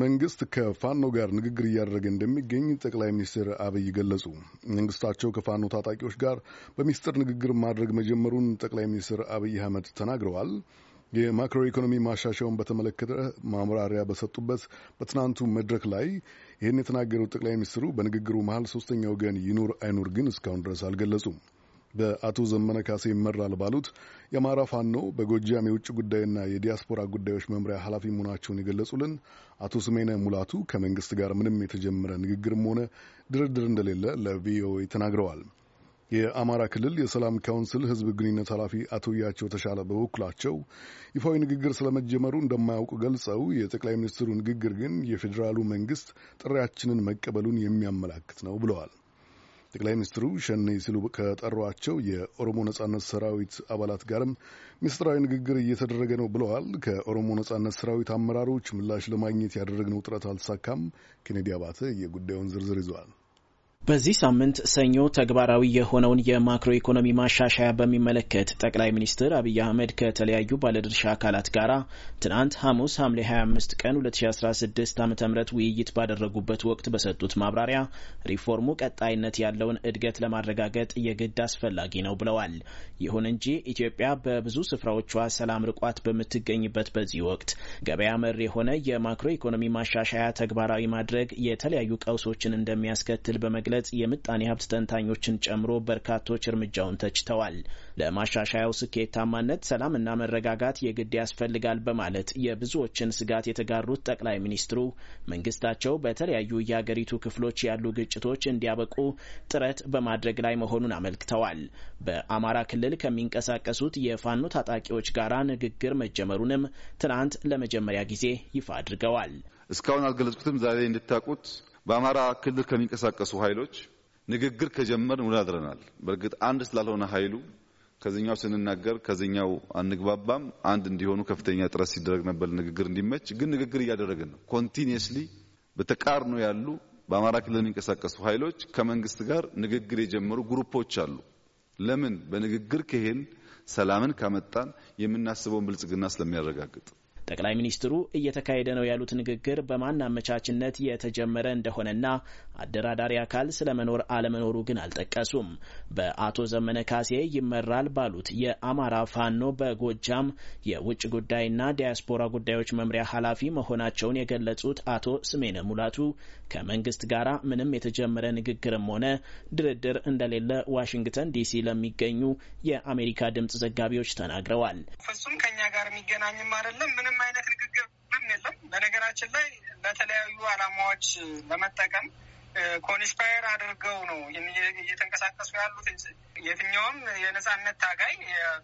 መንግስት ከፋኖ ጋር ንግግር እያደረገ እንደሚገኝ ጠቅላይ ሚኒስትር አብይ ገለጹ። መንግስታቸው ከፋኖ ታጣቂዎች ጋር በሚስጥር ንግግር ማድረግ መጀመሩን ጠቅላይ ሚኒስትር አብይ አህመድ ተናግረዋል። የማክሮ ኢኮኖሚ ማሻሻውን በተመለከተ ማምራሪያ በሰጡበት በትናንቱ መድረክ ላይ ይህን የተናገሩት ጠቅላይ ሚኒስትሩ በንግግሩ መሀል ሶስተኛ ወገን ይኑር አይኑር ግን እስካሁን ድረስ አልገለጹም። በአቶ ዘመነ ካሴ ይመራል ባሉት የአማራ ፋኖ በጎጃም የውጭ ጉዳይና የዲያስፖራ ጉዳዮች መምሪያ ኃላፊ መሆናቸውን የገለጹልን አቶ ስሜነ ሙላቱ ከመንግስት ጋር ምንም የተጀመረ ንግግርም ሆነ ድርድር እንደሌለ ለቪኦኤ ተናግረዋል። የአማራ ክልል የሰላም ካውንስል ህዝብ ግንኙነት ኃላፊ አቶ ያቸው ተሻለ በበኩላቸው ይፋዊ ንግግር ስለመጀመሩ እንደማያውቁ ገልጸው የጠቅላይ ሚኒስትሩ ንግግር ግን የፌዴራሉ መንግስት ጥሪያችንን መቀበሉን የሚያመላክት ነው ብለዋል። ጠቅላይ ሚኒስትሩ ሸኔ ሲሉ ከጠሯቸው የኦሮሞ ነጻነት ሰራዊት አባላት ጋርም ምስጢራዊ ንግግር እየተደረገ ነው ብለዋል። ከኦሮሞ ነጻነት ሰራዊት አመራሮች ምላሽ ለማግኘት ያደረግነው ጥረት አልተሳካም። ኬኔዲ አባተ የጉዳዩን ዝርዝር ይዘዋል። በዚህ ሳምንት ሰኞ ተግባራዊ የሆነውን የማክሮ ኢኮኖሚ ማሻሻያ በሚመለከት ጠቅላይ ሚኒስትር አብይ አህመድ ከተለያዩ ባለድርሻ አካላት ጋር ትናንት ሐሙስ ሐምሌ 25 ቀን 2016 ዓ ም ውይይት ባደረጉበት ወቅት በሰጡት ማብራሪያ ሪፎርሙ ቀጣይነት ያለውን እድገት ለማረጋገጥ የግድ አስፈላጊ ነው ብለዋል። ይሁን እንጂ ኢትዮጵያ በብዙ ስፍራዎቿ ሰላም ርቋት በምትገኝበት በዚህ ወቅት ገበያ መር የሆነ የማክሮ ኢኮኖሚ ማሻሻያ ተግባራዊ ማድረግ የተለያዩ ቀውሶችን እንደሚያስከትል በመግለ በመግለጽ የምጣኔ ሀብት ተንታኞችን ጨምሮ በርካቶች እርምጃውን ተችተዋል። ለማሻሻያው ስኬታማነት ሰላምና መረጋጋት የግድ ያስፈልጋል በማለት የብዙዎችን ስጋት የተጋሩት ጠቅላይ ሚኒስትሩ መንግስታቸው በተለያዩ የአገሪቱ ክፍሎች ያሉ ግጭቶች እንዲያበቁ ጥረት በማድረግ ላይ መሆኑን አመልክተዋል። በአማራ ክልል ከሚንቀሳቀሱት የፋኖ ታጣቂዎች ጋር ንግግር መጀመሩንም ትናንት ለመጀመሪያ ጊዜ ይፋ አድርገዋል። እስካሁን አልገለጽኩትም። ዛሬ እንድታውቁት በአማራ ክልል ከሚንቀሳቀሱ ኃይሎች ንግግር ከጀመርን ውላድረናል። በእርግጥ አንድ ስላልሆነ ኃይሉ ከዚኛው ስንናገር ከዚኛው አንግባባም። አንድ እንዲሆኑ ከፍተኛ ጥረት ሲደረግ ነበር፣ ንግግር እንዲመች። ግን ንግግር እያደረግን ነው። ኮንቲኒየስሊ በተቃርኖ ያሉ በአማራ ክልል የሚንቀሳቀሱ ኃይሎች ከመንግስት ጋር ንግግር የጀመሩ ግሩፖች አሉ። ለምን? በንግግር ከሄን ሰላምን ካመጣን የምናስበውን ብልጽግና ስለሚያረጋግጥ ጠቅላይ ሚኒስትሩ እየተካሄደ ነው ያሉት ንግግር በማን አመቻችነት የተጀመረ እንደሆነና አደራዳሪ አካል ስለመኖር አለመኖሩ ግን አልጠቀሱም። በአቶ ዘመነ ካሴ ይመራል ባሉት የአማራ ፋኖ በጎጃም የውጭ ጉዳይና ዲያስፖራ ጉዳዮች መምሪያ ኃላፊ መሆናቸውን የገለጹት አቶ ስሜነ ሙላቱ ከመንግስት ጋራ ምንም የተጀመረ ንግግርም ሆነ ድርድር እንደሌለ ዋሽንግተን ዲሲ ለሚገኙ የአሜሪካ ድምጽ ዘጋቢዎች ተናግረዋል። ፍጹም ከኛ ጋር የሚገናኝም አይደለም ምንም አይነት ንግግርም የለም። በነገራችን ላይ ለተለያዩ አላማዎች ለመጠቀም ኮንስፓየር አድርገው ነው እየተንቀሳቀሱ ያሉት እንጂ የትኛውም የነጻነት ታጋይ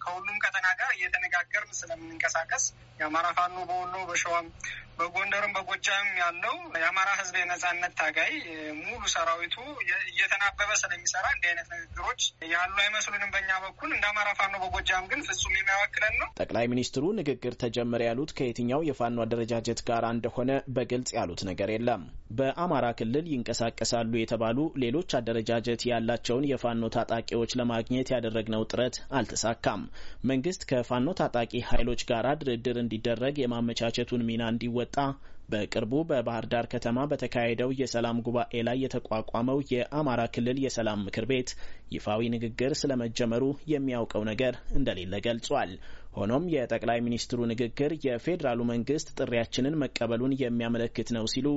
ከሁሉም ቀጠና ጋር እየተነጋገርን ስለምንንቀሳቀስ የአማራ ፋኖ በወሎ በሸዋም በጎንደርም በጎጃም ያለው የአማራ ህዝብ የነጻነት ታጋይ ሙሉ ሰራዊቱ እየተናበበ ስለሚሰራ እንዲህ አይነት ንግግሮች ያሉ አይመስሉንም። በእኛ በኩል እንደ አማራ ፋኖ በጎጃም ግን ፍጹም የሚያወክለን ነው። ጠቅላይ ሚኒስትሩ ንግግር ተጀመረ ያሉት ከየትኛው የፋኖ አደረጃጀት ጋር እንደሆነ በግልጽ ያሉት ነገር የለም። በአማራ ክልል ይንቀሳቀሳሉ የተባሉ ሌሎች አደረጃጀት ያላቸውን የፋኖ ታጣቂዎች ለማግኘት ያደረግነው ጥረት አልተሳካም። መንግስት ከፋኖ ታጣቂ ኃይሎች ጋር ድርድር እንዲደረግ የማመቻቸቱን ሚና እንዲወጣ በቅርቡ በባህር ዳር ከተማ በተካሄደው የሰላም ጉባኤ ላይ የተቋቋመው የአማራ ክልል የሰላም ምክር ቤት ይፋዊ ንግግር ስለመጀመሩ የሚያውቀው ነገር እንደሌለ ገልጿል። ሆኖም የጠቅላይ ሚኒስትሩ ንግግር የፌዴራሉ መንግስት ጥሪያችንን መቀበሉን የሚያመለክት ነው ሲሉ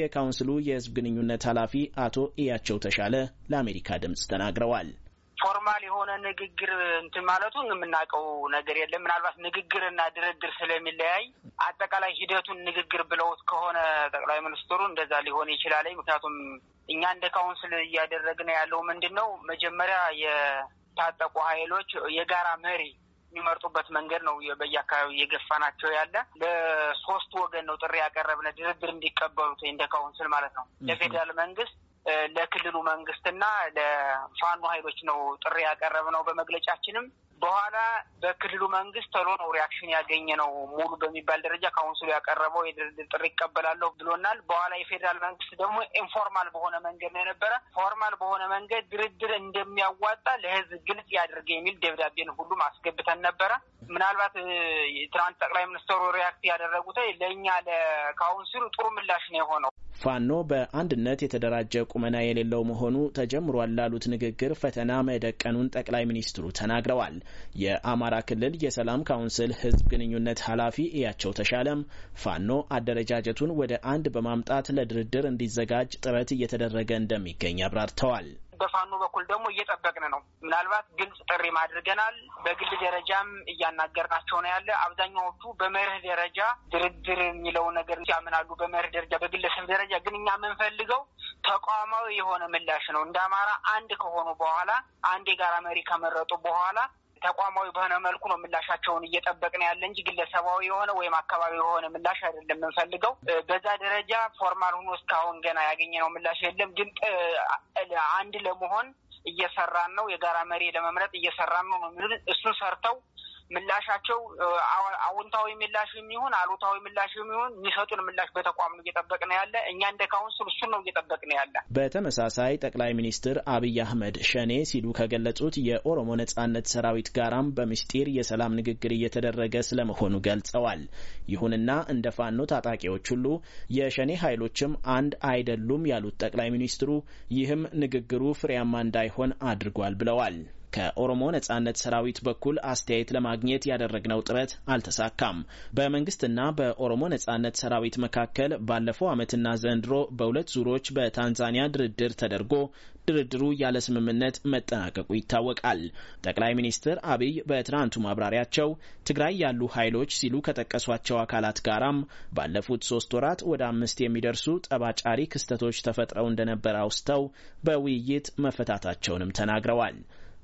የካውንስሉ የህዝብ ግንኙነት ኃላፊ አቶ እያቸው ተሻለ ለአሜሪካ ድምፅ ተናግረዋል። ፎርማል የሆነ ንግግር እንትን ማለቱ የምናውቀው ነገር የለም። ምናልባት ንግግርና ድርድር ስለሚለያይ አጠቃላይ ሂደቱን ንግግር ብለውት ከሆነ ጠቅላይ ሚኒስትሩ እንደዛ ሊሆን ይችላል። ምክንያቱም እኛ እንደ ካውንስል እያደረግን ያለው ምንድን ነው መጀመሪያ የታጠቁ ኃይሎች የጋራ መሪ የሚመርጡበት መንገድ ነው። በየአካባቢ እየገፋናቸው ያለ ለሶስት ወገን ነው ጥሪ ያቀረብነ ድርድር እንዲቀበሉት እንደ ካውንስል ማለት ነው ለፌዴራል መንግስት ለክልሉ መንግስትና ለፋኖ ኃይሎች ነው ጥሪ ነው በመግለጫችንም በኋላ በክልሉ መንግስት ቶሎ ነው ሪያክሽን ያገኘ ነው። ሙሉ በሚባል ደረጃ ካውንስሉ ያቀረበው የድርድር ጥሪ ይቀበላለሁ ብሎናል። በኋላ የፌዴራል መንግስት ደግሞ ኢንፎርማል በሆነ መንገድ ነው የነበረ። ፎርማል በሆነ መንገድ ድርድር እንደሚያዋጣ ለህዝብ ግልጽ ያድርገ የሚል ደብዳቤን ሁሉም አስገብተን ነበረ። ምናልባት ትናንት ጠቅላይ ሚኒስትሩ ሪያክት ያደረጉት ለእኛ ለካውንስሉ ጥሩ ምላሽ ነው የሆነው። ፋኖ በአንድነት የተደራጀ ቁመና የሌለው መሆኑ ተጀምሯል ላሉት ንግግር ፈተና መደቀኑን ጠቅላይ ሚኒስትሩ ተናግረዋል። የአማራ ክልል የሰላም ካውንስል ህዝብ ግንኙነት ኃላፊ እያቸው ተሻለም ፋኖ አደረጃጀቱን ወደ አንድ በማምጣት ለድርድር እንዲዘጋጅ ጥረት እየተደረገ እንደሚገኝ አብራርተዋል። በፋኖ በኩል ደግሞ እየጠበቅን ነው። ምናልባት ግልጽ ጥሪም አድርገናል። በግል ደረጃም እያናገርናቸው ነው ያለ። አብዛኛዎቹ በመርህ ደረጃ ድርድር የሚለው ነገር ያምናሉ። በመርህ ደረጃ በግለሰብ ደረጃ ግን እኛ የምንፈልገው ተቋማዊ የሆነ ምላሽ ነው። እንደ አማራ አንድ ከሆኑ በኋላ አንድ የጋራ መሪ ከመረጡ በኋላ ተቋማዊ በሆነ መልኩ ነው ምላሻቸውን እየጠበቅን ያለ እንጂ ግለሰባዊ የሆነ ወይም አካባቢ የሆነ ምላሽ አይደለም የምንፈልገው። በዛ ደረጃ ፎርማል ሆኖ እስካሁን ገና ያገኘነው ምላሽ የለም። ግን አንድ ለመሆን እየሰራን ነው፣ የጋራ መሪ ለመምረጥ እየሰራን ነው የሚሉት እሱን ሰርተው ምላሻቸው አዎንታዊ ምላሽ የሚሆን አሉታዊ ምላሽ የሚሆን የሚሰጡን ምላሽ በተቋም ነው እየጠበቅን ያለ። እኛ እንደ ካውንስል እሱን ነው እየጠበቅን ያለ። በተመሳሳይ ጠቅላይ ሚኒስትር አብይ አህመድ ሸኔ ሲሉ ከገለጹት የኦሮሞ ነጻነት ሰራዊት ጋራም በምስጢር የሰላም ንግግር እየተደረገ ስለመሆኑ ገልጸዋል። ይሁንና እንደ ፋኖ ታጣቂዎች ሁሉ የሸኔ ኃይሎችም አንድ አይደሉም ያሉት ጠቅላይ ሚኒስትሩ ይህም ንግግሩ ፍሬያማ እንዳይሆን አድርጓል ብለዋል። ከኦሮሞ ነጻነት ሰራዊት በኩል አስተያየት ለማግኘት ያደረግነው ጥረት አልተሳካም። በመንግስትና በኦሮሞ ነጻነት ሰራዊት መካከል ባለፈው ዓመትና ዘንድሮ በሁለት ዙሮች በታንዛኒያ ድርድር ተደርጎ ድርድሩ ያለ ስምምነት መጠናቀቁ ይታወቃል። ጠቅላይ ሚኒስትር አብይ በትናንቱ ማብራሪያቸው ትግራይ ያሉ ኃይሎች ሲሉ ከጠቀሷቸው አካላት ጋራም ባለፉት ሶስት ወራት ወደ አምስት የሚደርሱ ጠባጫሪ ክስተቶች ተፈጥረው እንደነበረ አውስተው በውይይት መፈታታቸውንም ተናግረዋል።